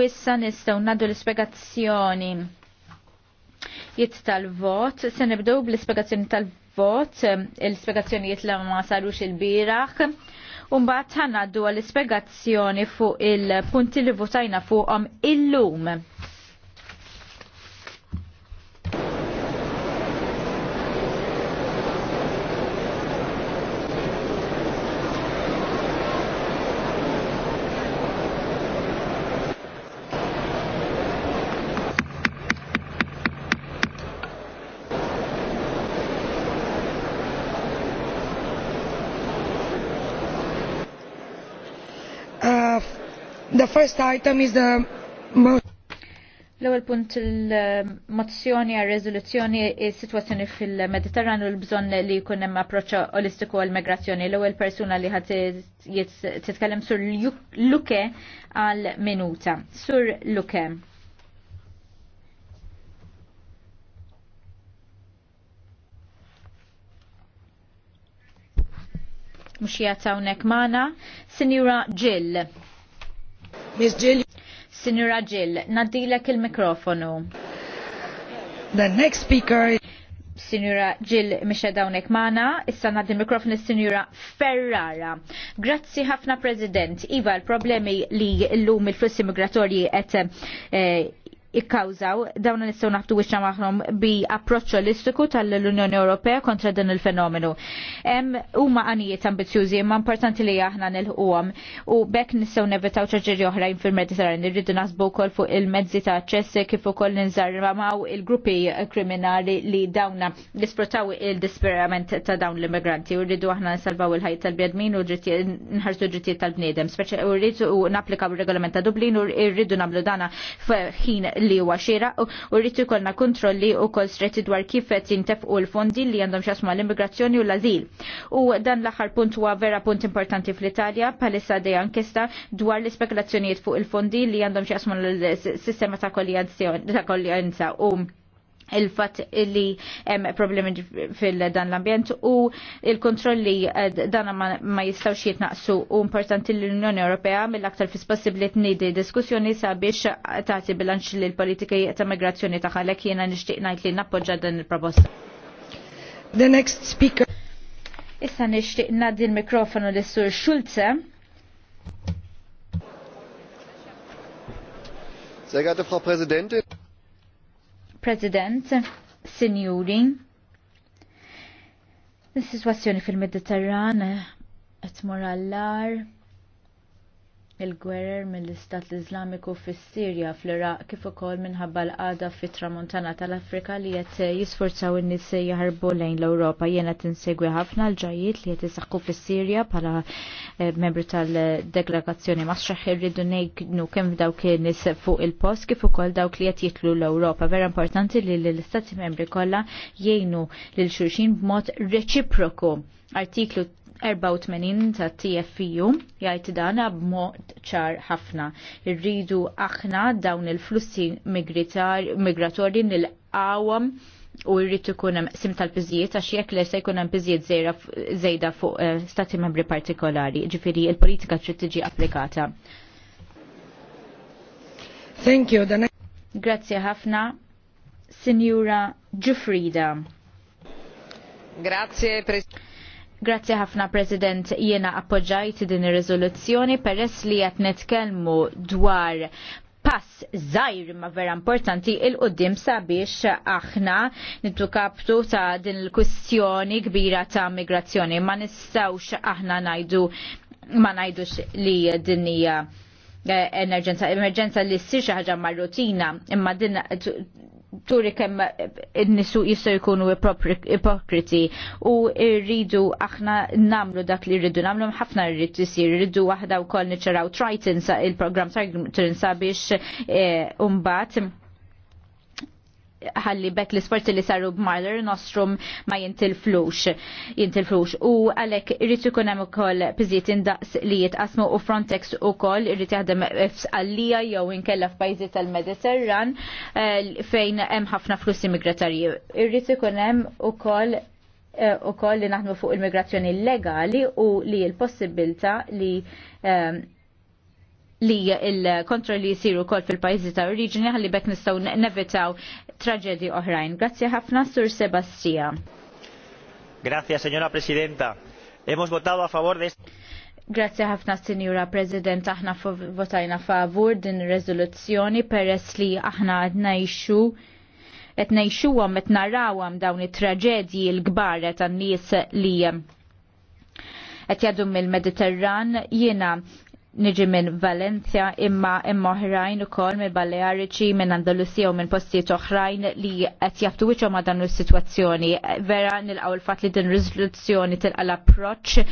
Wissa nistaw naddu l-ispiegazzjoni jitt tal-vot. Se nibdow bl-ispiegazzjoni tal-vot, l jitt li ma sarux il-biraħ. Umbat naddu għall-ispiegazzjoni fuq il-punti li votajna fuqhom illum. first item is the L-ewwel punt il-mozzjoni għal riżoluzzjoni is-sitwazzjoni fil-Mediterranu l bżonn li jkun hemm approċċ olistiku għal migrazzjoni. L-ewwel persuna li ħadd titkellem sur Luke għal minuta. Sur Luke. Mux hawnhekk mana, Sinjura Jill. Miss Jill. Signora Jill, nadilek il-mikrofonu. The next speaker Signora Jill Misha Dawnek Mana, issa naddi mikrofon il signora Ferrara. Grazzi ħafna President, Iva l-problemi li l-lum il-flussi migratorji et eh, ikkawżaw dawn nistgħu naħtu wiċċa magħhom bi approċċ holistiku tal-Unjoni Ewropea kontra dan il-fenomenu. Hemm huma għanijiet ambizzjużi imma importanti li aħna nilħuhom u bekk nistgħu nevitaw ċaġġeri oħrajn fil-Mediterran irridu naħsbu wkoll fuq il-mezzi ta' aċċess kif ukoll ninżarmaw il-gruppi kriminali li dawna nisprotaw il-disperament ta' dawn l-immigranti u rridu aħna nsalvaw il-ħajt tal-bjedmin u nħarsu ġrittijiet tal-bniedem. Speċi u rridu napplikaw ir regolament ta' Dublin u rridu nagħmlu dana f'ħin li huwa xira u rrid jkollna kontrolli wkoll stretti dwar kif qed jintefqu l-fondi li għandhom xasma l-immigrazzjoni u l-azil. U dan l-aħħar punt huwa vera punt importanti fl-Italja bħalissa dejja inkesta dwar l-ispekulazzjonijiet fuq il-fondi li għandhom xasma l-sistema ta' kolljenza u il-fat li hemm problemi fil-dan l-ambjent u il-kontrolli eh, dan ma, ma jistawx jitnaqsu u importanti l-Unjoni Ewropea mill-aktar fis possibbli tnidi diskussjoni sabiex tagħti bilanċ li l-politika ta' migrazzjoni ta' ħalek jiena nixtieq ngħid li nappoġġa din il-proposta. The next speaker. Issa nixtieq ngħaddi l-mikrofonu lis sur Schulze. Sehr geehrte Frau Präsidentin! President, Sinjuri, is-sitwazzjoni fil-Mediterran qed moral il-gwerer mill-Istat Iżlamiku fis-Sirja fl-Iraq kif ukoll minħabba l-qada fit-tramuntana tal-Afrika li qed jisforzaw in-nies jaħarbu lejn l-Ewropa. Jiena tinsegwi ħafna l-ġajjiet li qed isaqqu fis-Sirja bħala eh, membri tal-deklarazzjoni Masraħ irridu ngħidu kemm dawk nies fuq il-post kif ukoll dawk li qed jitlu l-Ewropa. Vera importanti li l-Istati membri kollha jgħinu lil xulxin b'mod reċiproku. Artiklu 84 ta' TFU jgħid dana b'mod ċar ħafna. Irridu aħna dawn il-flussi migratorji nil-qawam u jrid ikun hemm sim tal-piżijiet għax jekk lesa jkun hemm piżijiet żejda fuq eh, stati membri partikolari, ġifieri il-politika trid tiġi applikata. Thank you. Dana. Grazie ħafna, Signora Giuffrida. Grazie, Presidente. Grazzi ħafna President, jiena appoġġajt din ir-riżoluzzjoni peress li qed netkellmu dwar pass zaħir ma vera importanti il-qoddim sabiex aħna nittu kaptu ta' din l-kwistjoni kbira ta' migrazzjoni. Ma nistawx aħna najdu ma najdux li din hija eh, emerġenza, emerġenza li s xi ħaġa marrutina imma din turi kemm n-nisu jistaw jkunu ipokriti u rridu aħna namlu dak li rridu namlu ħafna rridu isir rridu u wkoll niċaraw Triton il-programm Triton biex eh, umbat ħalli bekk l-isforzi li saru b'Marler nostrum ma jintilflux. Jintilflux. U għalek irrit ikun hemm ukoll piżiet indaqs li jitqasmu u Frontex ukoll irrid jaħdem f'Sqallija jew inkella f'pajjiżi tal-Mediterran eh, fejn hemm ħafna flussi immigratorji. Irrid ikun hemm ukoll eh, koll li naħdmu fuq il-migrazzjoni legali u li l-possibilta li eh, li il-kontrolli jisiru kol fil-pajzi ta' oriġini għalli bekk nistaw nevitaw traġedi oħrajn. Grazie ħafna, Sur Sebastia. Grazie, Signora Presidenta. Hemos votado a favor de Grazie ħafna Sinjura President, aħna votajna favur din rezoluzzjoni peress li aħna għadnajxu qed ngħixuhom qed narawhom dawn it-traġedji l-kbar tan-nies li qed jadhom mill-Mediterran jiena niġi minn Valencia imma imma oħrajn ukoll minn Balearici, minn Andalusija u minn postijiet oħrajn li qed jaftu wiċċhom ma' dan is-sitwazzjoni. Vera nilqgħu l fat li din riżoluzzjoni tilqa' l-approċċ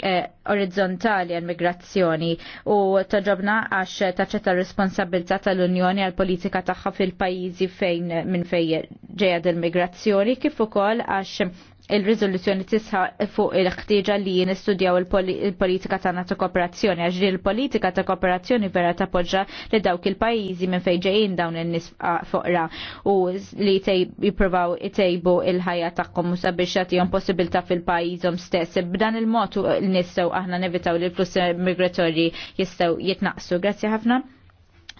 eh, orizzontali għal migrazzjoni u taġobna għax taċċetta responsabilità tal-Unjoni għal politika tagħha fil-pajjiżi fejn minn fejn ġejja dil migrazzjoni kif ukoll għax il rizoluzjoni tisħa fuq il-ħtieġa li nistudjaw il-politika tagħna ta' kooperazzjoni għax il-politika ta' kooperazzjoni vera tappoġġa li dawk il-pajjiżi minn fejn ġejjin dawn in-nies foqra u li jippruvaw itejbu il-ħajja tagħhom u sabiex jagħtihom possibilità fil-pajjiżhom stess. B'dan il-mod nistgħu aħna nevitaw li l-flussi migratorji jistgħu jitnaqsu. Grazzi ħafna.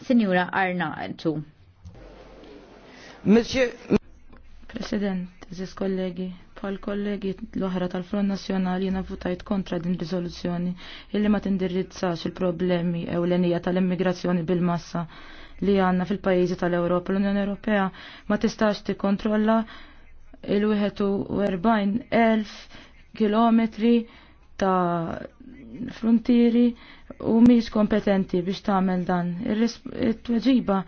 Sinjura Arna tu. Monsieur President, eżis kollegi, Bħal kollegi l-oħra tal-Front Nazzjonali jiena votajt kontra din riżoluzzjoni illi ma tindirizzax il-problemi ewlenija tal-immigrazzjoni bil-massa li għandna fil-pajjiżi tal-Ewropa. L-Unjoni Ewropea ma tistax tikkontrolla il-41,000 km ta' frontieri u mis kompetenti biex tagħmel dan. Il-tweġiba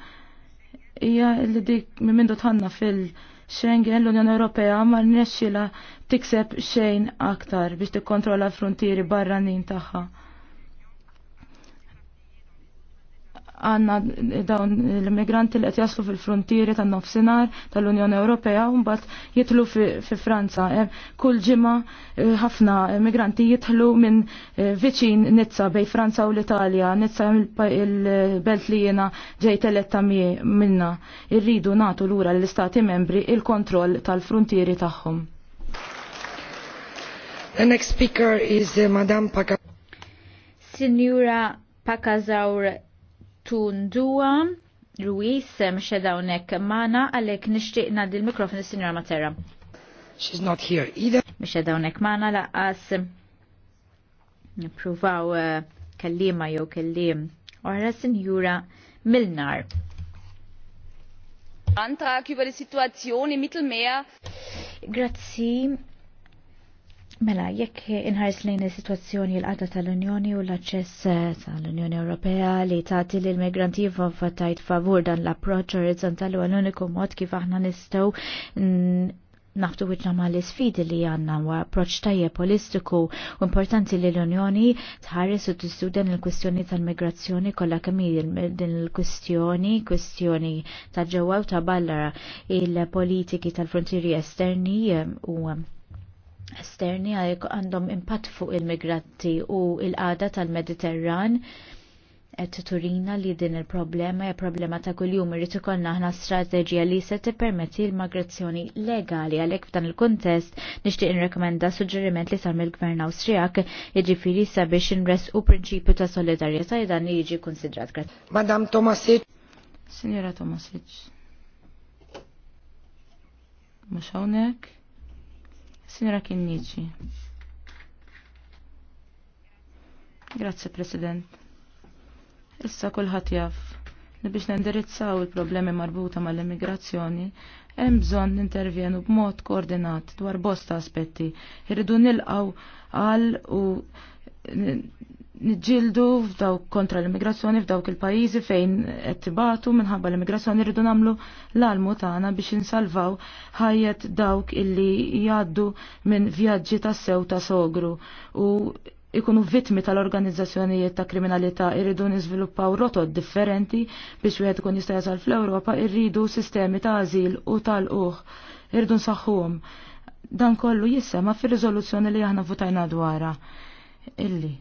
hija li dik minn mindu tħanna fil- Schengen l-Unjoni Ewropea ma rnexxila tikseb xejn aktar biex tikkontrolla l-frontieri barranin tagħha. għanna dawn l-immigranti li qed jaslu fil-frontieri tan-nofsinhar tal-Unjoni Ewropea un mbagħad jitlu fi Franza. Eh, kull ġima eh, ħafna immigranti jitlu minn eh, viċin Nizza bej Franza u l-Italja, Nizza il-belt li jiena ġejt eletta minna. Irridu nagħtu lura l-Istati membri il-kontroll tal-frontieri tagħhom. The next speaker is Madame Paka. Signora Pakazaur Tundua Ruiz mxe dawnek mana għalek nishtiqna dil-mikrofon il-Sinjora Matera. She's not here either. Mxe dawnek mana laqas nipruvaw eh, kellima jew kellim. Ora Sinjura Milnar. Antrag über die Situation im Mittelmeer. Grazzi Mela, jekk inħares lejn is-sitwazzjoni l-qata tal-Unjoni u l-aċċess eh, tal-Unjoni Ewropea li tagħti lil migranti fattajt favur dan l-approċċ orizzontali għal uniku mod kif aħna nistgħu naftu wiċna ma l-sfidi li għanna u approċ tajje polistiku u importanti li l-Unjoni tħares u t-student il-kwestjoni tal-migrazzjoni kolla kemmi din il kwistjoni kwistjoni ta' ġewa u ta' ballara il-politiki tal-frontieri esterni eh, u esterni għandhom impatt fuq il-migranti u il-qada tal-Mediterran et turina li din il-problema hija problema ta' kuljum irid ikollna aħna strateġija li se tippermetti l-migrazzjoni legali għalhekk f'dan il-kuntest nixtieq nirrekomenda suġġeriment li sar mill-Gvern Awstrijak jiġifieri sabiex inresqu prinċipju ta' solidarjetà dan li jiġi konsidrat. Madam Tomasic. Signora Tomasic. Mhux hawnhekk. Signora Kinnici. Grazie, President. Issa kulħadd jaff li biex nindirizzaw il-problemi marbuta mal-immigrazzjoni, hemm bżonn nintervjenu b'mod koordinat dwar bosta aspetti. Irridu nilqaw għal u nġildu f'dawk kontra l-immigrazzjoni f'dawk il-pajjiżi fejn qed tibatu minħabba l-immigrazzjoni rridu nagħmlu l-almu tagħna biex insalvaw ħajjet dawk illi jgħaddu minn vjaġġi ta' sew ta' sogru u ikunu vittmi tal-organizzazzjonijiet ta' kriminalità irridu niżviluppaw rotot differenti biex wieħed ikun jista' jasal fl-Ewropa irridu sistemi ta' azil u tal-uħ irridu nsaħħuhom. Dan kollu jissema fir-riżoluzzjoni li aħna votajna dwarha. Illi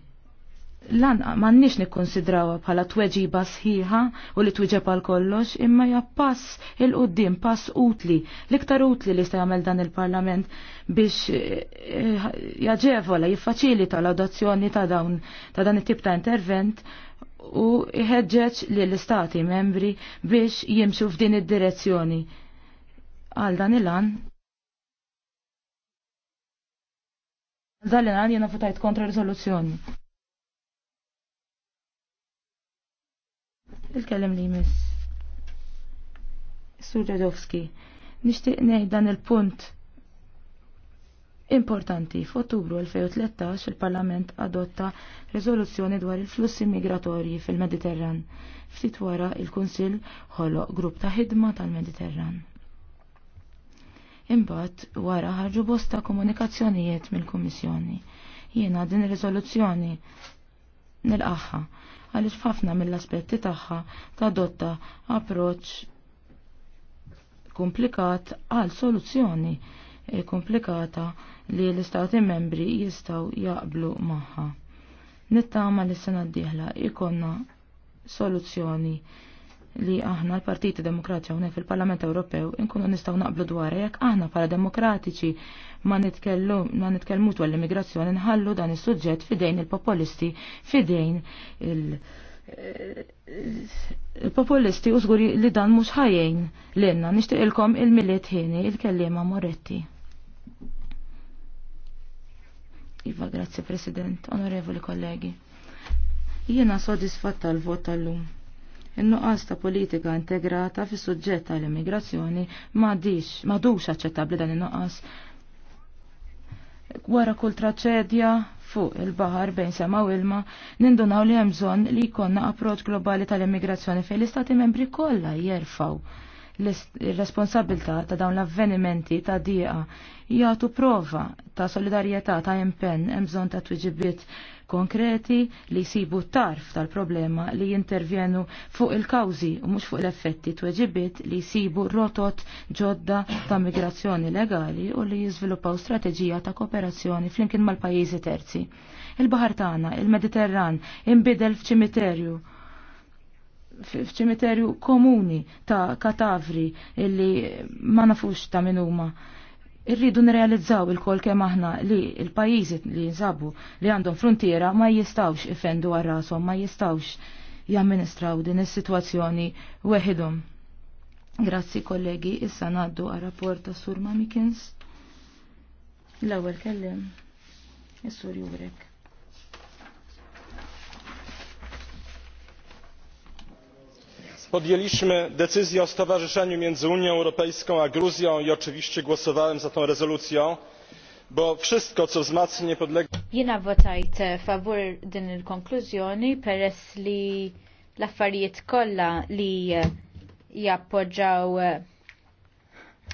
lan mannix nikkonsidrawa bħala tweġiba sħiħa u li tweġeb għal kollox imma ja pass il qoddim pass utli l-iktar utli li sta jagħmel dan il-Parlament biex eh, jaġevola jiffaċilita l-adozzjoni ta' dawn ta' dan it-tip ta' intervent u jħeġġeġ li l-istati membri biex jimxu f'din id-direzzjoni. Għal dan il-an Dallin għan jena futajt kontra risoluzzjoni. Il-kellem li jmiss. nixtieq nishtiq dan il-punt Importanti, f'Ottubru 2013 il-Parlament adotta rezoluzzjoni dwar il-flussi migratorji fil-Mediterran. Ftit wara il-Kunsill ħoloq grupp ta' ħidma tal-Mediterran. Imbagħad wara ħarġu bosta komunikazzjonijiet mill-Kummissjoni. Jiena din ir-riżoluzzjoni nilqaħħa għaliex ħafna mill-aspetti tagħha tadotta approċċ komplikat għal soluzzjoni eh, komplikata li l-istati membri jistaw jaqblu magħha. Nittama li s-sena d-dieħla ikonna soluzzjoni li aħna l-Partiti Demokratiċi hawnhekk fil-Parlament Ewropew inkunu nistgħu naqblu dwar e. jekk aħna bħala demokratiċi ma nitkellmu ma nitkellmu dwar l-immigrazzjoni nħallu dan is-suġġett fidejn il-popolisti fidejn il- populisti fidejn il populisti u żguri li dan mhux ħajjin lilna nixtieqilkom il milied ħini il-kellima Moretti. Iva, grazie, President, onorevoli kollegi. Jiena sodisfatta l-vot tal-lum In-nuqqas ta' politika integrata fis suġġett tal-immigrazzjoni m'għadix m'għadux aċċettabbli dan in-nuqqas. Wara kull traċedja fuq il-baħar bejn sema u ilma, nindunaw li hemm bżonn li jkollna approċ globali tal-immigrazzjoni fejn l-istati membri kollha jerfaw l-responsabilità ta' dawn l-avvenimenti ta' dieqa jagħtu prova ta' solidarjetà ta' impenn hemm ta' twiġibiet konkreti li jsibu tarf tal-problema li jintervjenu fuq il-kawzi u mhux fuq l-effetti tweġibiet li jsibu rotot ġodda ta' migrazzjoni legali u li jiżviluppaw strateġija ta' kooperazzjoni flimkien mal-pajjiżi terzi. Il-Bahar tagħna, il-Mediterran, imbidel f'ċimiterju f'ċimiterju komuni ta' katavri illi ma nafux ta' minuma. huma Irridu nirrealizzaw il-kol kem aħna li l-pajjiżi li jinsabu li għandhom frontiera ma jistawx ifendu għarrasom, rashom ma jistawx jamministraw din is-sitwazzjoni weħidhom. Grazzi kollegi, issa ngħaddu għal rapport ta' Sur Mamikins. L-ewwel kellem is-Sur Jurek. podjęliśmy decyzję o stowarzyszeniu między unią europejską a gruzją i oczywiście głosowałem za tą rezolucją bo wszystko co wzmacnia niepodległość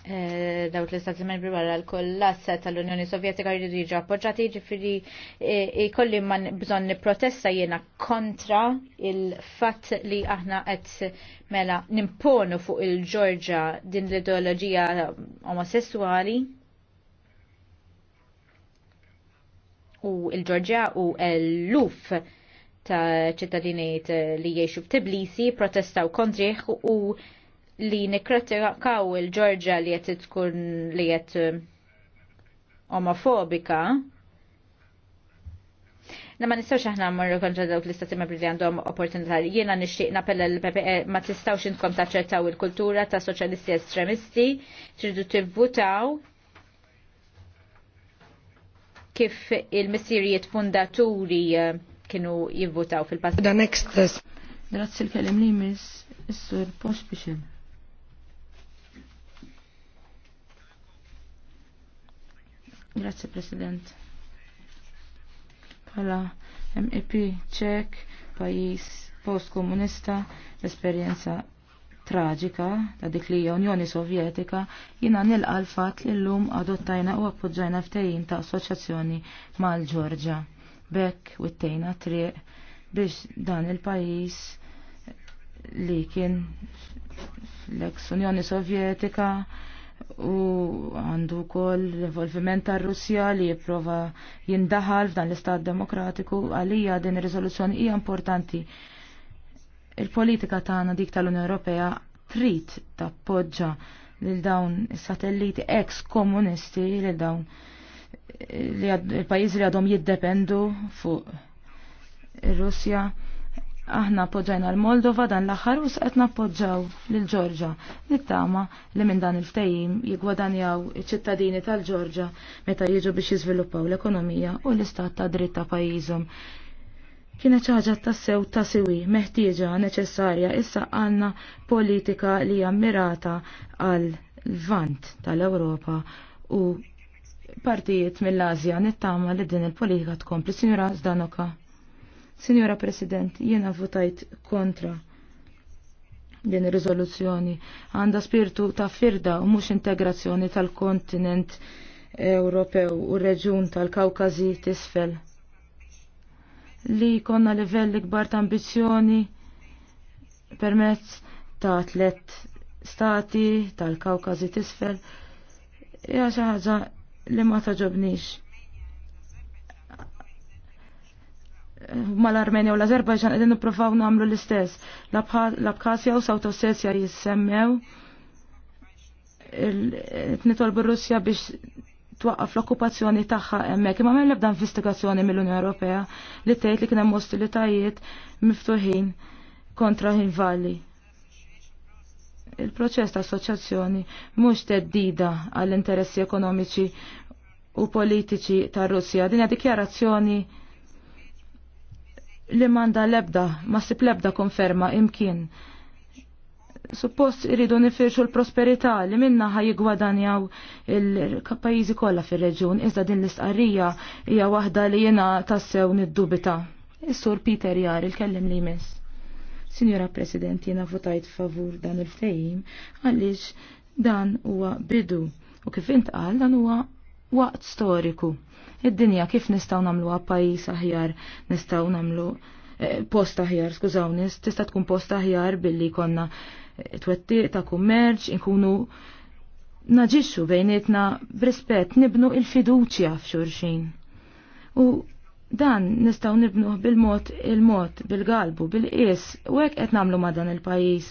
Eh, dawk l-istati membri wara l-kollass tal-Unjoni Sovjetika jridu jiġu appoġġati ġifiri jkolli eh, ma bżonn nipprotesta jiena kontra il-fatt li aħna qed mela nimponu fuq il-Ġorġa din l-ideoloġija omosessuali u il-Ġorġja u l-luf ta' ċittadiniet li jiexu f'Tiblisi protestaw kontriħ u, u li nikratikaw il-ġorġa li jett tkun li jett eh, omofobika. Na ma nistawx aħna marru kontra dawk l-istati membri li għandhom opportunità. Jiena nixtieq napella l-PPE eh, ma tistawx intkom taċċertaw il-kultura ta' soċjalisti estremisti, tridu tivvutaw kif il-missirijiet fundaturi eh, kienu jivvutaw fil-passat. Grazie l-kelem li mis, s-sur Grazie President. Pala MEP Czech, pajis post-komunista, l-esperienza traġika ta' dik li Unjoni Sovjetika jina nilqa l-fat li l-lum adottajna u appoġġajna ftejin ta' assoċjazzjoni mal-Ġorġa. Bekk wittejna triq biex dan il-pajis li kien l-ex Unjoni Sovjetika u għandu kol l-involviment tar russja li jiprofa jindaħal f'dan l-istat demokratiku għalija din ir-riżoluzzjoni hija importanti. Il-politika tagħna dik tal-Unjoni Ewropea trid tappoġġa lil dawn is-satelliti ex komunisti lil dawn il-pajjiżi li għadhom jiddependu fuq ir-Russja. il russja Aħna appoġġajna l-Moldova dan l-aħħar u saqet nappoġġaw lil-Ġorġa nittama li minn dan il-ftejim jigwadanjaw iċ-ċittadini tal-Ġorġa meta jiġu biex jiżviluppaw l-ekonomija u l-istat ta' dritt ta' pajjiżhom. Kienet ħaġa ta' sew ta' siwi, meħtieġa, neċessarja, issa għanna politika li hija mirata għal vant tal-Ewropa u partijiet mill-Azja nittama li din il-politika tkompli. Signora Zdanoka. Signora President, jiena votajt kontra din ir-riżoluzzjoni. Għandha spiritu ta' firda u mhux integrazzjoni tal-kontinent Ewropew u reġun tal kawkazi tisfel. Li konna livelli kbar ta' ambizzjoni permezz ta' tlet stati tal kawkazi tisfel hija xi ħaġa li ma taġobnix. mal-Armenja u l-Azerbajġan qegħdin nippruvaw nagħmlu l-istess. L-Abkazja u South Ossetja jissemmew nitolbu r-Russja biex twaqqaf l-okkupazzjoni tagħha hemmhekk imma m'hemm l-ebda investigazzjoni mill-Unjoni Ewropea li tgħid li kien hemm ostilitajiet miftuħin kontra Hinvalli. Il-proċess ta' assoċjazzjoni mhux teddida għall interessi ekonomiċi u politiċi tar Russja. Din dikjarazzjoni li manda lebda, ma sib lebda konferma imkien. Suppost iridu nifirxu l-prosperità li minna ħaj jigwadanjaw il-pajizi kollha fir-reġjun, iżda din l-istqarrija hija waħda li jiena tassew niddubita. Is-sur Peter Jar il-kellim li jmiss. Sinjora President, jiena votajt favur dan il-fejm għaliex dan huwa bidu u kif intqal dan huwa waqt storiku. Id-dinja kif nistaw namlu pajis aħjar, nistaw namlu eh, post aħjar, skużawni, tista' tkun post aħjar billi konna eh, twetti ta' kummerċ, inkunu naġixxu bejnietna brispett nibnu il-fiduċja f'xurxin. U Dan nistaw nibnuh bil-mod il-mod, bil-galbu, bil-qis, u hekk qed nagħmlu ma' dan il-pajjiż.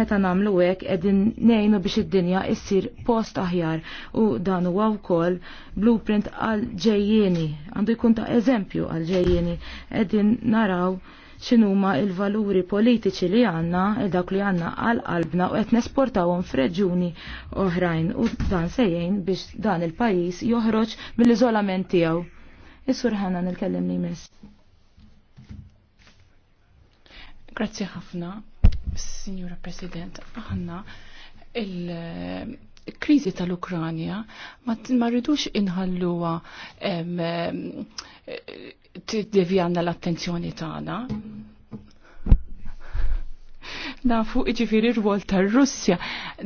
Meta nagħmlu hekk qegħdin ngħinu biex id-dinja issir post aħjar u dan huwa wkoll blueprint għal ġejjieni, għandu jkun ta' eżempju għal ġejjieni qegħdin naraw x'inhuma il-valuri politiċi li għandna il dak li għandna għal qalbna u qed nesportawhom f'reġuni oħrajn u dan sejjejn biex dan il-pajjiż joħroġ mill-iżolament tiegħu. Is-sur nil-kellem li mis. Grazzi ħafna, Signora President. Aħna il- krizi tal-Ukranja ma rridux inħalluha devjanna l-attenzjoni tagħna nafu iġifiri r-wol tar-Russja.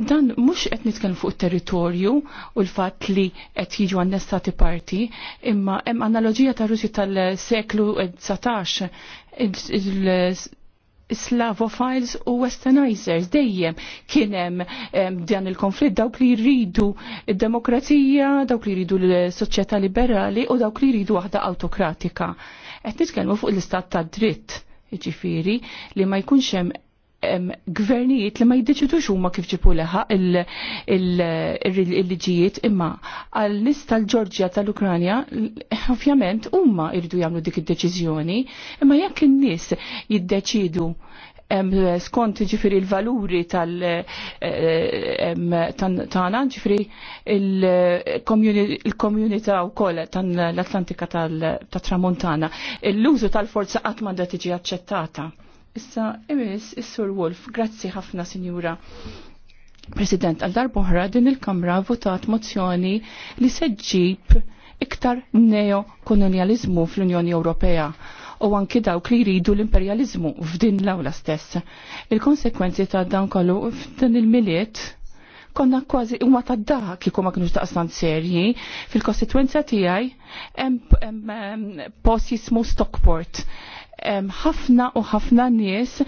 Dan mux qed nitkellem fuq territorju u l-fatt li qed jiġu n-nestati parti, imma hemm analogija tar Russja tal-seklu 19 il-Slavophiles u Westernizers dejjem kien hemm dan il-konflitt dawk li jridu d demokrazija dawk li jridu l-soċjetà liberali u dawk li jridu waħda autokratika. Qed nitkellmu fuq l-istat tad dritt ġifiri li ma jkunx hemm gvernijiet li ma jiddeċidu huma kif ġipu leħa il-liġijiet imma għal nis tal-Ġorġja tal-Ukranja ovvjament huma jridu jagħmlu dik id-deċiżjoni imma jekk in-nies jiddeċidu skont ġifiri il-valuri tal-tana, eh, ġifiri il-komunità u koll l-Atlantika tal-Tramontana, l-użu tal-forza għatmanda tiġi accettata Issa, imis, is-Sur Wolf, grazzi ħafna, Sinjura. President, għal darbohra din il-Kamra votat mozzjoni li seġġib iktar neokolonializmu fl-Unjoni Ewropea u anki dawk li jridu l-imperializmu f'din l-awla stess. Il-konsekwenzi ta' dan kollu f'din il-miliet konna kważi imma ta' da kikum ma kienux daqstan serji fil-kostituenza tiegħi hemm post jismu Stockport ħafna u ħafna nies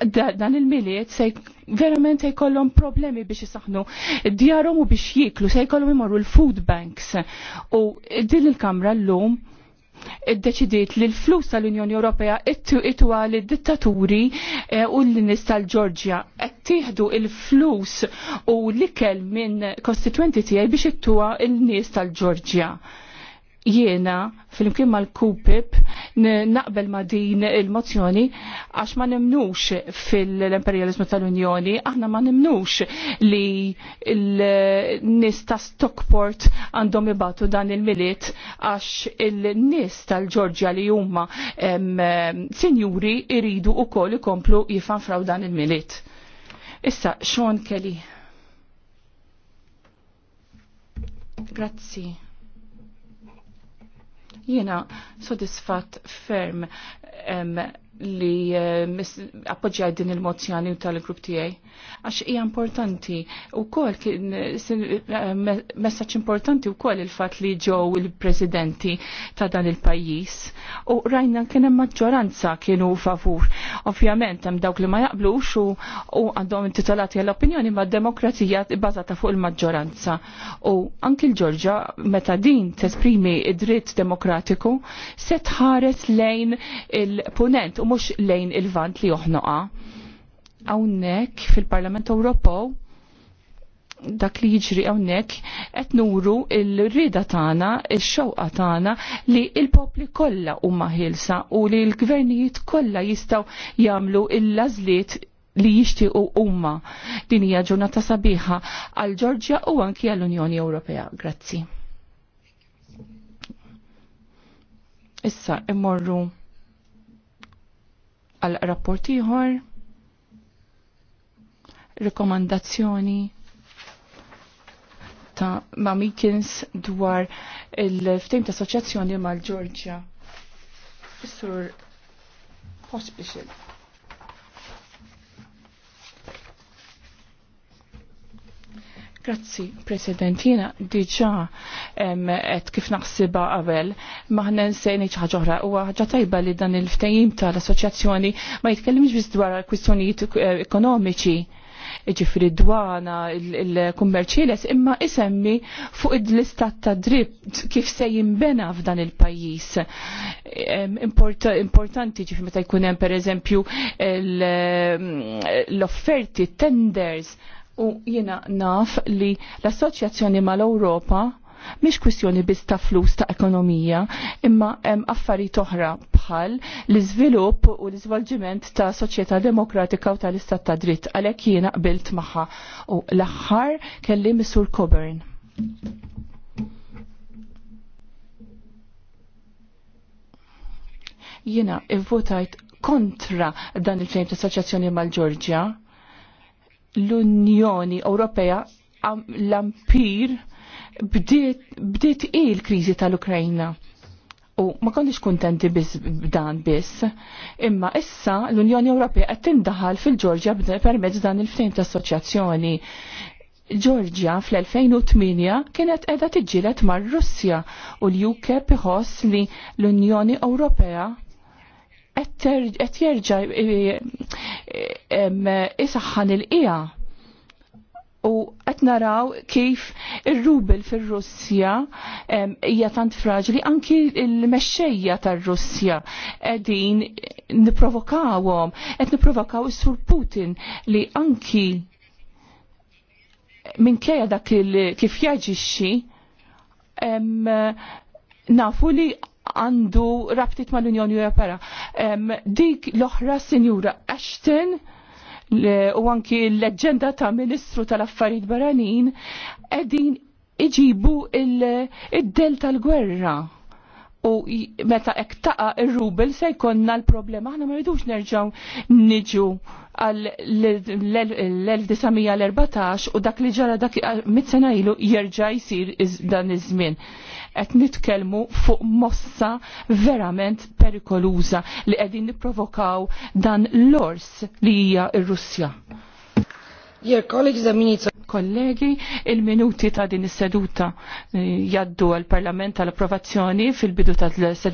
dan il-miliet se verament se jkollhom problemi biex jisaħnu djarhom u biex jiklu, se jkollhom imorru l-food banks. U din il-kamra llum id-deċidiet li l-flus tal-Unjoni Ewropea ittuqa li dittaturi e, u l-nis tal-Ġorġja qed tieħdu il-flus u l-ikel minn kostituenti tiegħi biex ittuqa l-nies tal-Ġorġja. Jiena fil-imkien mal-Kupip naqbel ma din il-mozzjoni għax ma nimnux fil-imperializmu tal-Unjoni, aħna ma nimnux li l nista ta' Stockport għandhom ibatu dan il-miliet għax il-nis tal-Ġorġja li huma sinjuri iridu u koll ikomplu jifanfraw dan il-miliet. Issa, Sean Kelly. Grazzi. Jiena sodisfat ferm li eh, appoġġja din il-mozzjoni tal-grupp tiegħi. Għax hija importanti wkoll kien eh, eh, messaġġ importanti wkoll il-fatt li ġew il-presidenti ta' dan il-pajjiż u rajna kien hemm maġġoranza kienu favur. Ovvjament hemm dawk li ma jaqblux u għandhom intitolati għall-opinjoni ma' demokrazija bbażata fuq il-maġġoranza. U anki l-Ġorġa meta din tesprimi id-dritt demokratiku se tħares lejn il-punent u mhux lejn il-vant li joħnoqa. Hawnhekk fil-Parlament Ewropew dak li jiġri hawnhekk qed nuru l-rieda tagħna, ix-xewqa tagħna li l-popli kollha huma ħilsa u li l-gvernijiet kollha jistgħu jagħmlu l-lażliet li jixtiequ huma. Din hija ġurnata sabiħa għal Ġorġja u anki għall unjoni Ewropea. Grazzi. Issa immorru għal rapport ieħor, ta' ma' Mikins dwar il ftim ta' assoċjazzjoni mal-Ġorġja. sur Grazzi, President, jina diġa et kif naħsiba għavel, maħna nsejni ċaħġoħra u għagġa tajba li dan il-ftajim tal-assoċjazzjoni ma jitkellimx biz dwar kwistjonijiet eh, ekonomiċi ġifri dwana il-kummerċiles imma isemmi fuq id-listat ta' drib kif se jimbena f'dan il-pajis. Importanti ġifri meta jkunem per eżempju l-offerti, tenders, U jiena naf li l-Assoċjazzjoni mal-Ewropa mhix kwistjoni biss ta' flus ta' ekonomija, imma hemm affarijiet oħra bħal l-iżvilupp u l-iżvolġiment ta' soċjetà demokratika u tal-istat ta' dritt għalhekk jiena qbilt magħha. U l-aħħar kelli Missur Coburn. Jiena ivvotajt kontra dan il-fejm ta' assoċjazzjoni mal-Ġorġja l-Unjoni Ewropea l-ampir bdiet i l-kriżi tal-Ukrajna. U ma konniex kuntenti biss b'dan biss, imma issa l-Unjoni Ewropea qed tindaħal fil-Ġorġja permezz dan il-ftehim ta' assoċjazzjoni. Ġorġja fl-2008 kienet qiegħda tiġġieled mar-Russja u l uk iħoss li l-Unjoni Ewropea qed jerġa' isaħħan il-qija u qed naraw kif ir-rubel fir-Russja hija tant fraġli anki l-mexxejja tar-Russja qegħdin nipprovokawhom, qed nipprovokaw is-Sur Putin li anki minkejja dak kif jaġixxi nafu li għandu rabtit mal-Unjoni Ewropea. Dik l-oħra Sinjura Ashton u anki l-leġenda ta' Ministru tal-Affarijiet Baranin qegħdin iġibu il-del tal-gwerra u meta hekk taqa ir-rubel se jkollna l-problema aħna ma rridux nerġgħu niġu għal l-1914 u dak li ġara dak mit-sena ilu jerġa' jsir dan iż-żmien qed nitkellmu fuq mossa verament perikoluża li qegħdin nipprovokaw dan l-ors li hija r-Russja. Kollegi, il-minuti ta' din is-seduta eh, jaddu għal-Parlament għal-approvazzjoni fil-bidu tal-seduta.